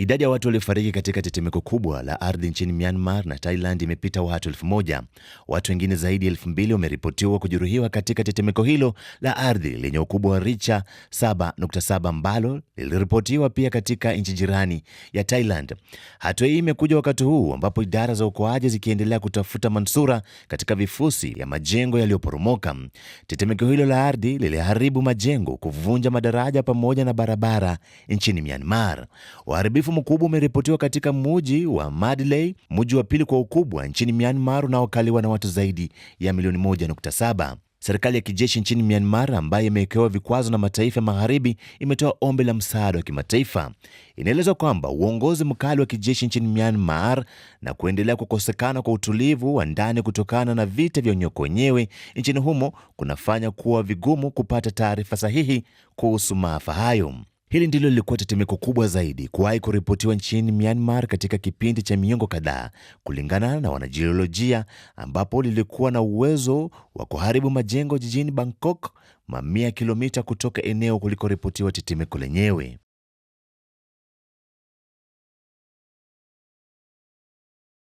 Idadi ya watu waliofariki katika tetemeko kubwa la ardhi nchini Myanmar na Thailand imepita watu elfu moja. Watu wengine zaidi ya elfu mbili wameripotiwa kujeruhiwa katika tetemeko hilo la ardhi lenye ukubwa wa richa 7.7 ambalo liliripotiwa pia katika nchi jirani ya Thailand. Hatua hii imekuja wakati huu ambapo idara za uokoaji zikiendelea kutafuta manusura katika vifusi ya majengo yaliyoporomoka. Tetemeko hilo la ardhi liliharibu majengo, kuvunja madaraja pamoja na barabara nchini Myanmar. Waharibifu Uharibifu mkubwa umeripotiwa katika muji wa Madley, muji wa pili kwa ukubwa nchini Myanmar unaokaliwa na watu zaidi ya milioni 1.7. Serikali ya kijeshi nchini Myanmar ambayo imewekewa vikwazo na mataifa magharibi imetoa ombi la msaada wa kimataifa. Inaelezwa kwamba uongozi mkali wa kijeshi nchini Myanmar na kuendelea kukosekana kwa utulivu wa ndani kutokana na vita vya wenyewe kwa wenyewe nchini humo kunafanya kuwa vigumu kupata taarifa sahihi kuhusu maafa hayo. Hili ndilo lilikuwa tetemeko kubwa zaidi kuwahi kuripotiwa nchini Myanmar katika kipindi cha miongo kadhaa, kulingana na wanajiolojia, ambapo lilikuwa na uwezo wa kuharibu majengo jijini Bangkok, mamia ya kilomita kutoka eneo kulikoripotiwa tetemeko lenyewe.